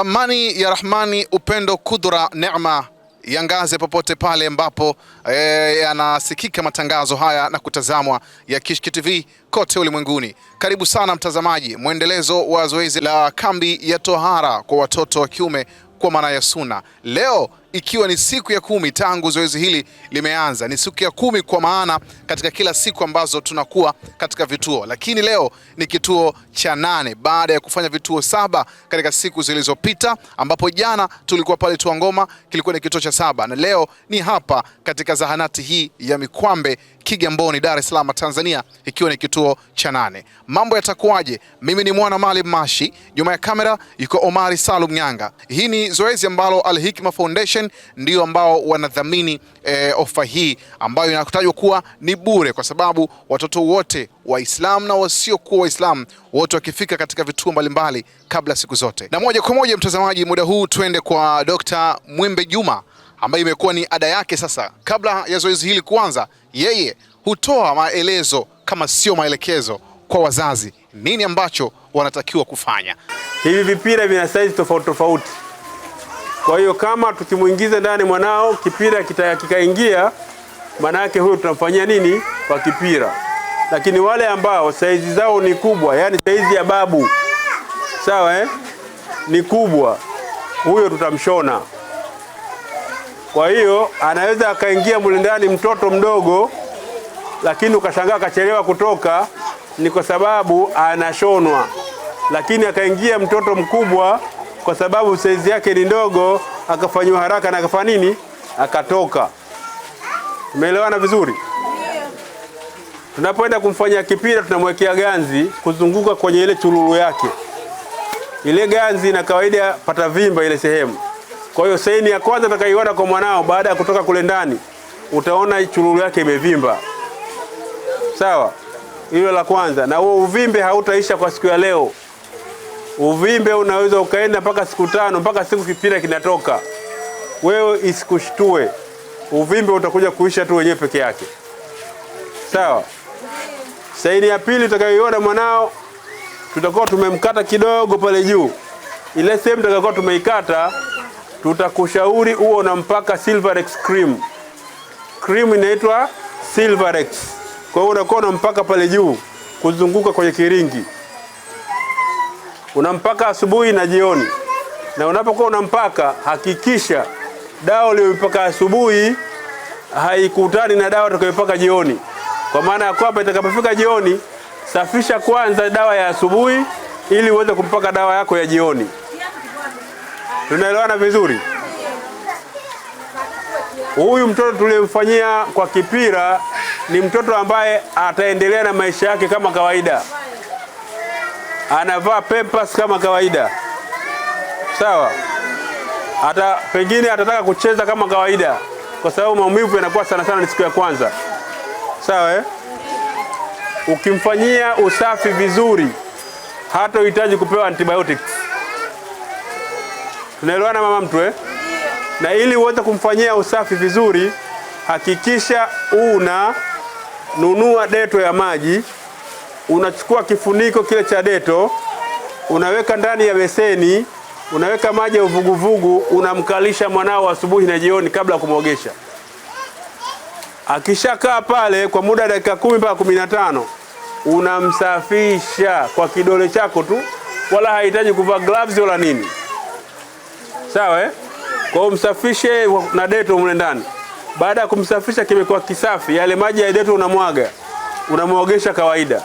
Amani ya Rahmani, upendo, kudura, neema yangaze popote pale ambapo eh, yanasikika matangazo haya na kutazamwa ya Kishki TV kote ulimwenguni. Karibu sana mtazamaji, mwendelezo wa zoezi la kambi ya tohara kwa watoto wa kiume kwa maana ya suna leo ikiwa ni siku ya kumi tangu zoezi hili limeanza. Ni siku ya kumi kwa maana katika kila siku ambazo tunakuwa katika vituo, lakini leo ni kituo cha nane baada ya kufanya vituo saba katika siku zilizopita, ambapo jana tulikuwa pale Tuangoma, kilikuwa ni kituo cha saba, na leo ni hapa katika zahanati hii ya Mikwambe Kigamboni, Dar es Salaam, Tanzania, ikiwa ni kituo cha nane. Mambo yatakuwaje? Mimi ni mwana Mali Mashi, nyuma ya kamera yuko Omari Salum Nyanga. Hii ni zoezi ambalo Al Hikma Foundation Foundation ndio ambao wanadhamini e, ofa hii ambayo inatajwa kuwa ni bure, kwa sababu watoto wote Waislamu na wasiokuwa Waislamu wote wakifika katika vituo mbalimbali kabla siku zote. Na moja kwa moja, mtazamaji, muda huu twende kwa Dr. Mwembe Juma ambaye imekuwa ni ada yake sasa. Kabla ya zoezi hili kuanza, yeye hutoa maelezo kama sio maelekezo kwa wazazi, nini ambacho wanatakiwa kufanya. Hivi vipira vina saizi tofauti tofauti kwa hiyo kama tukimwingiza ndani mwanao kipira kikaingia, maana yake huyo tunamfanyia nini kwa kipira. Lakini wale ambao saizi zao ni kubwa, yaani saizi ya babu sawa, eh, ni kubwa, huyo tutamshona. Kwa hiyo anaweza akaingia mule ndani mtoto mdogo, lakini ukashangaa akachelewa kutoka, ni kwa sababu anashonwa. Lakini akaingia mtoto mkubwa kwa sababu saizi yake ni ndogo, akafanywa haraka na akafanya nini, akatoka. Umeelewana vizuri? Tunapoenda kumfanyia kipira, tunamwekea ganzi kuzunguka kwenye ile chululu yake. Ile ganzi na kawaida pata vimba ile sehemu. Kwa hiyo saini ya kwanza utakayoiona kwa mwanao baada ya kutoka kule ndani, utaona chululu yake imevimba. Sawa, hilo la kwanza. Na huo uvimbe hautaisha kwa siku ya leo. Uvimbe unaweza ukaenda mpaka siku tano mpaka siku kipira kinatoka, wewe isikushtue. Uvimbe utakuja kuisha tu wenyewe peke yake, sawa. Saini ya pili utakayoiona mwanao, tutakuwa tumemkata kidogo pale juu. Ile sehemu tutakayokuwa tumeikata, tutakushauri huo mpaka Silverex cream. Cream inaitwa Silverex, kwa hiyo unakuwa mpaka pale juu kuzunguka kwenye kiringi unampaka asubuhi na jioni, na unapokuwa unampaka hakikisha dawa uliyoipaka asubuhi haikutani na dawa utakayopaka jioni, kwa maana ya kwamba itakapofika jioni, safisha kwanza dawa ya asubuhi ili uweze kumpaka dawa yako ya jioni. Tunaelewana vizuri? Huyu mtoto tuliyemfanyia kwa kipira ni mtoto ambaye ataendelea na maisha yake kama kawaida anavaa pempas kama kawaida, sawa. Hata pengine atataka kucheza kama kawaida, kwa sababu maumivu yanakuwa sana sana ni siku ya kwanza, sawa eh? Ukimfanyia usafi vizuri, hata uhitaji kupewa antibiotics. Tunaelewana mama mtu eh? Na ili uweze kumfanyia usafi vizuri, hakikisha una nunua deto ya maji unachukua kifuniko kile cha deto unaweka ndani ya beseni, unaweka maji ya uvuguvugu, unamkalisha mwanao asubuhi na jioni kabla ya kumwogesha. Akishakaa pale kwa muda dakika kumi mpaka kumi na tano unamsafisha kwa kidole chako tu, wala hahitaji kuvaa gloves wala nini, sawa eh? Kwa hiyo msafishe na deto mle ndani. Baada ya kumsafisha kimekuwa kisafi, yale maji ya deto unamwaga, unamwogesha kawaida.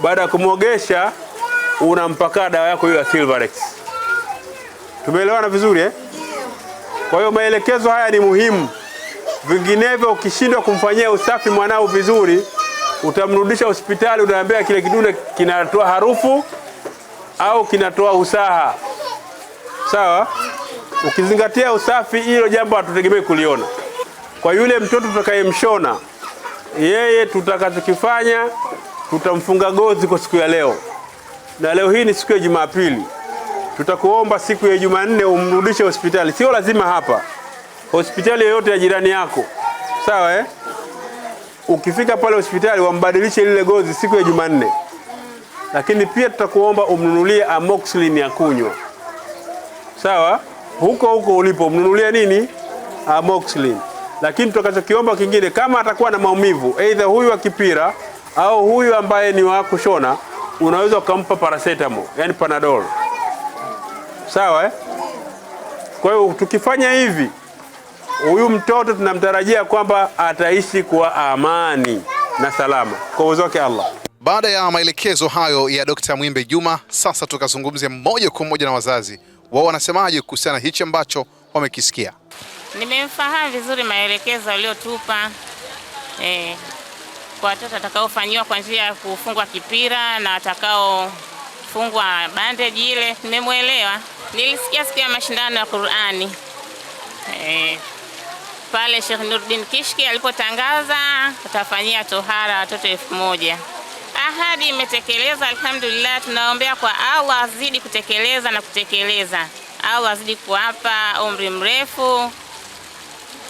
Baada ya kumwogesha, unampakaa dawa yako hiyo ya Silvarex. Tumeelewana vizuri eh? Kwa hiyo maelekezo haya ni muhimu, vinginevyo ukishindwa kumfanyia usafi mwanao vizuri, utamrudisha hospitali, unaambia kile kidude kinatoa harufu au kinatoa usaha. Sawa, ukizingatia usafi, hilo jambo hatutegemei kuliona. Kwa yule mtoto tutakayemshona yeye, tutakachokifanya tutamfunga gozi kwa siku ya leo, na leo hii ni siku ya Jumapili. Tutakuomba siku ya Jumanne umrudishe hospitali, sio lazima hapa, hospitali yoyote ya jirani yako, sawa eh? Ukifika pale hospitali wambadilishe lile gozi siku ya Jumanne, lakini pia tutakuomba umnunulie amoxicillin ya kunywa, sawa? Huko huko ulipo mnunulie nini? Amoxicillin. Lakini tutakachokiomba kingine, kama atakuwa na maumivu, aidha huyu akipira au huyu ambaye ni wa kushona unaweza ukampa paracetamol, yani panadol, sawa eh? Kwa hiyo tukifanya hivi, huyu mtoto tunamtarajia kwamba ataishi kwa amani na salama kwa uwezo wake Allah. Baada ya maelekezo hayo ya Dkt. Mwimbe Juma, sasa tukazungumzia moja kwa moja na wazazi wao, wanasemaje kuhusiana hichi ambacho wamekisikia? Nimemfahamu vizuri maelekezo aliyotupa eh kwa watoto watakaofanyiwa kwa njia ya kufungwa kipira na watakaofungwa bandage ile, nimemwelewa. Nilisikia siku ya mashindano ya Qur'ani e, pale Sheikh Nuruddin Kishki alipotangaza atafanyia tohara watoto elfu moja. Ahadi imetekeleza, alhamdulillah. Tunaombea kwa Allah azidi kutekeleza na kutekeleza, Allah azidi kuwapa umri mrefu.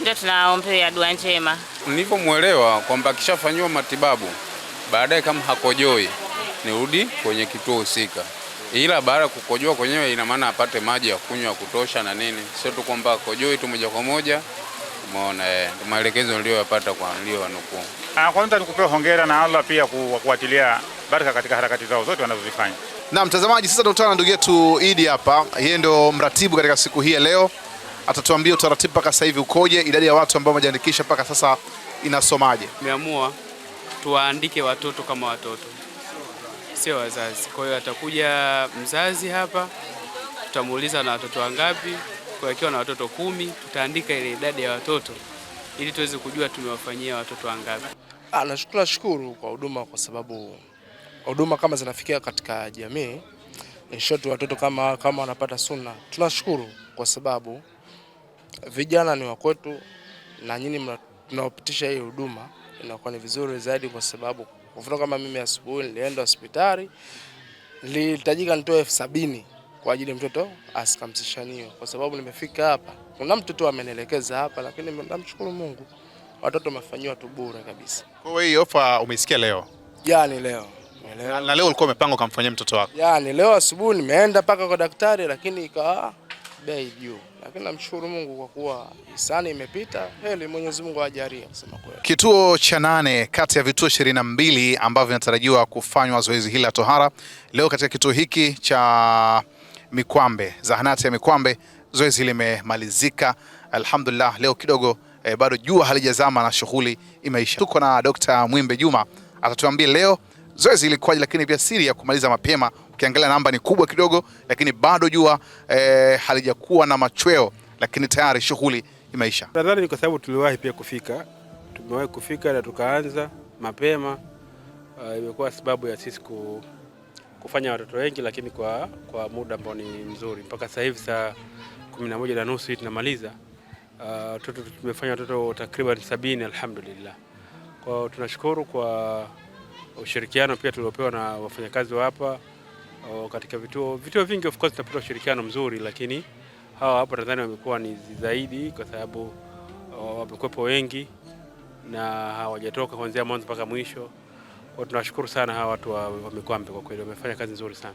Ndio tunaombea dua njema. Nilivyomwelewa kwamba akishafanyiwa matibabu baadaye, kama hakojoi nirudi kwenye kituo husika, ila baada ya kukojoa kwenyewe, ina maana apate maji ya kunywa kutosha na nini, sio tu kwamba akojoi tu moja kwa moja. Umeona eh, maelekezo niliyoyapata kwa niliyonukuu. Ah, kwanza nikupe hongera na Allah pia kuwafuatilia baraka katika harakati zao zote wanazozifanya. Na mtazamaji, sasa tunakutana na ndugu yetu Idi hapa, yeye ndio mratibu katika siku hii ya leo atatuambia utaratibu mpaka sasa hivi ukoje, idadi ya watu ambao wamejiandikisha mpaka sasa inasomaje? Tumeamua tuwaandike watoto kama watoto, sio wazazi. Kwa hiyo atakuja mzazi hapa, tutamuuliza na watoto wangapi. Kwa akiwa na watoto kumi, tutaandika ile idadi ya watoto ili tuweze kujua tumewafanyia watoto wangapi. Ah, Nashukuru kwa huduma, kwa sababu huduma kama zinafikia katika jamii, in short watoto kama kama wanapata sunna, tunashukuru kwa sababu vijana ni wakwetu na nyinyi mnaopitisha hii huduma inakuwa ni vizuri zaidi, kwa sababu kwa mfano kama mimi asubuhi nilienda hospitali nilihitajika nitoe elfu sabini kwa ajili ya mtoto asikamsishaniwe. Kwa sababu nimefika hapa, kuna mtoto amenelekeza amenielekeza hapa, lakini namshukuru Mungu watoto wamefanyiwa tu bure kabisa. Kwa hiyo hii ofa umeisikia leo? Yani leo na, na leo ulikuwa umepanga ukamfanyia mtoto wako? Yani leo asubuhi nimeenda mpaka kwa daktari, lakini ikawa bei juu lakini namshukuru Mungu kwa kuwa hisani imepita, heli Mwenyezi Mungu ajalie kusema kweli. Kituo cha nane kati ya vituo ishirini na mbili ambavyo vinatarajiwa kufanywa zoezi hili la tohara leo, katika kituo hiki cha Mikwambe, zahanati ya Mikwambe, zoezi limemalizika alhamdulillah. Leo kidogo eh, bado jua halijazama na shughuli imeisha. Tuko na Dr. Mwimbe Juma atatuambia leo zoezi ilikuwaje, lakini pia siri ya kumaliza mapema Ukiangalia namba ni kubwa kidogo, lakini bado jua e, halijakuwa na machweo, lakini tayari shughuli imeisha. Nadhani ni kwa sababu tuliwahi pia kufika, tumewahi kufika na tukaanza mapema. Uh, imekuwa sababu ya sisi ku, kufanya watoto wengi, lakini kwa, kwa muda ambao ni mzuri. Mpaka sasa hivi saa kumi na moja na nusu hii tunamaliza ah, watoto uh, tumefanya watoto takriban sabini alhamdulillah. Kwa tunashukuru kwa ushirikiano pia tuliopewa na wafanyakazi wa hapa o katika vituo vituo vingi of course tunapata ushirikiano mzuri, lakini hawa hapa Tanzania wamekuwa ni zaidi, kwa sababu wamekuwepo wengi na hawajatoka kuanzia mwanzo mpaka mwisho. Kwa tunawashukuru sana hawa watu wa Mikwambe, kwa kweli wamefanya kazi nzuri sana.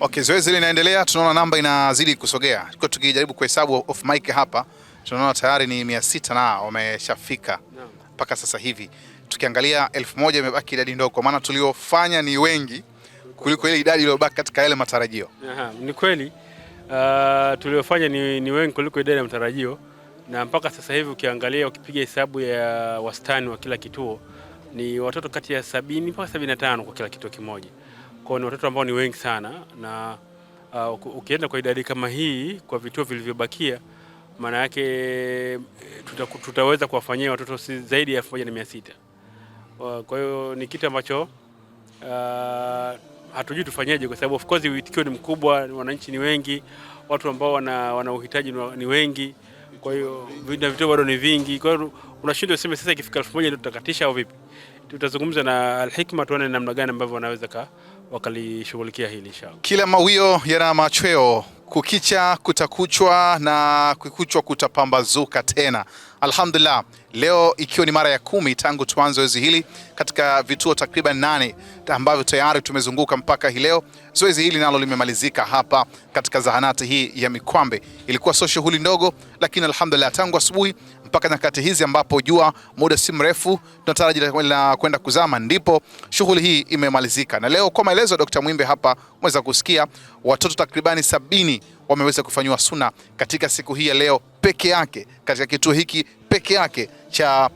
Okay, zoezi linaendelea, tunaona namba inazidi kusogea. Tulikuwa tukijaribu kuhesabu off mic hapa, tunaona tayari ni 600 na wameshafika mpaka sasa hivi. Tukiangalia elfu moja imebaki idadi ndogo, kwa maana tuliofanya ni wengi kuliko ile idadi iliyobaki katika yale matarajio. Aha, ni kweli uh, tuliofanya ni, ni wengi kuliko idadi ya matarajio, na mpaka sasa hivi ukiangalia, ukipiga hesabu ya wastani wa kila kituo ni watoto kati ya sabini mpaka sabini na tano kwa kila kituo kimoja. Kwao ni watoto ambao ni wengi sana, na uh, ukienda kwa idadi kama hii kwa vituo vilivyobakia maana yake eh, tuta, tutaweza kuwafanyia watoto zaidi ya elfu moja na mia sita. Uh, kwa hiyo ni kitu ambacho uh, hatujui tufanyeje, kwa sababu of course uitikio ni mkubwa, wananchi ni wengi, watu ambao wana, wana uhitaji ni wengi, kwa hiyo na vituo bado ni vingi. Kwa hiyo unashindwa useme sasa ikifika elfu moja ndio tutakatisha au vipi? Tutazungumza na Alhikma tuone namna gani ambavyo wanaweza wakalishughulikia hili inshallah. Kila mawio yana machweo. Kukicha kutakuchwa na kukuchwa kutapambazuka tena. Alhamdulillah, leo ikiwa ni mara ya kumi tangu tuanze zoezi hili katika vituo takriban nane ambavyo tayari tumezunguka mpaka hii leo. Zoezi hili nalo limemalizika hapa katika zahanati hii ya Mikwambe. Ilikuwa sio shughuli ndogo, lakini alhamdulillah, tangu asubuhi mpaka nyakati hizi ambapo jua muda si mrefu tunataraji na kwenda kuzama, ndipo shughuli hii imemalizika. Na leo kwa maelezo ya Dkt. Mwimbe hapa umeweza kusikia watoto takribani sabini wameweza kufanyiwa suna katika siku hii ya leo peke yake katika kituo hiki peke yake cha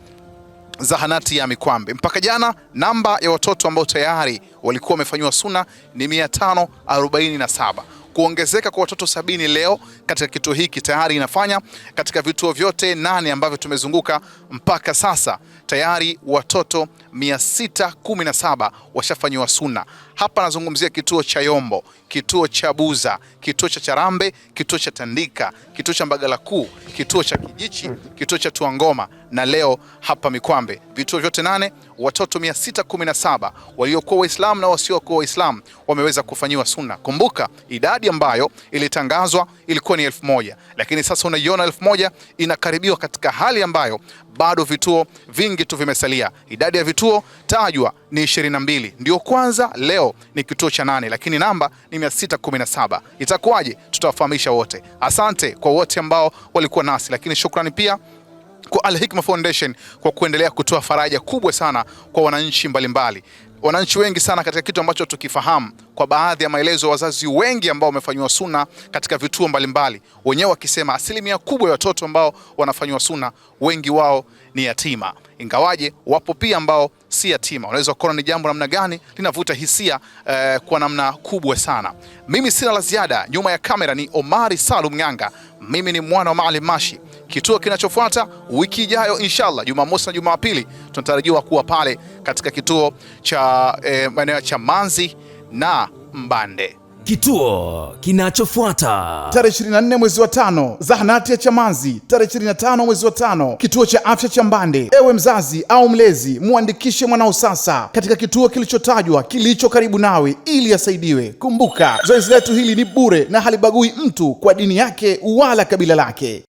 zahanati ya Mikwambe. Mpaka jana namba ya watoto ambao tayari walikuwa wamefanyiwa suna ni 547. Kuongezeka kwa watoto sabini leo katika kituo hiki tayari inafanya katika vituo vyote nane ambavyo tumezunguka mpaka sasa tayari watoto 617 washafanyiwa suna. Hapa nazungumzia kituo cha Yombo, kituo cha Buza, kituo cha Charambe, kituo cha Tandika, kituo cha Mbagala Kuu, kituo cha Kijichi, kituo cha Tuangoma na leo hapa Mikwambe. Vituo vyote nane, watoto 617 waliokuwa Waislamu na wasiokuwa Waislamu wameweza kufanyiwa sunna. Kumbuka idadi ambayo ilitangazwa ilikuwa ni elfu moja lakini sasa unaiona elfu moja inakaribiwa katika hali ambayo bado vituo vingi tu vimesalia. Idadi ya vituo tajwa ni 22. Ndio kwanza leo ni kituo cha nane, lakini namba ni 617. Itakuwaje? Tutawafahamisha wote. Asante kwa wote ambao walikuwa nasi, lakini shukrani pia kwa Al Hikma Foundation kwa kuendelea kutoa faraja kubwa sana kwa wananchi mbalimbali mbali wananchi wengi sana katika kitu ambacho tukifahamu kwa baadhi ya maelezo wazazi wengi ambao wamefanyiwa suna katika vituo mbalimbali, wenyewe wakisema asilimia kubwa ya watoto ambao wanafanyiwa suna wengi wao ni yatima, ingawaje wapo pia ambao si yatima. Unaweza kuona ni jambo namna gani linavuta hisia eh, kwa namna kubwa sana. Mimi sina la ziada, nyuma ya kamera ni Omari Salum Ng'anga, mimi ni mwana wa Maalim Mashi. Kituo kinachofuata wiki ijayo inshallah, Jumamosi na Jumapili tunatarajiwa kuwa pale katika kituo cha eh, maeneo ya Chamanzi na Mbande. Kituo kinachofuata tarehe 24 mwezi wa tano, zahanati ya Chamanzi. Tarehe 25 mwezi wa tano, kituo cha afya cha Mbande. Ewe mzazi au mlezi, muandikishe mwanao sasa katika kituo kilichotajwa kilicho karibu nawe ili asaidiwe. Kumbuka, zoezi letu hili ni bure na halibagui mtu kwa dini yake wala kabila lake.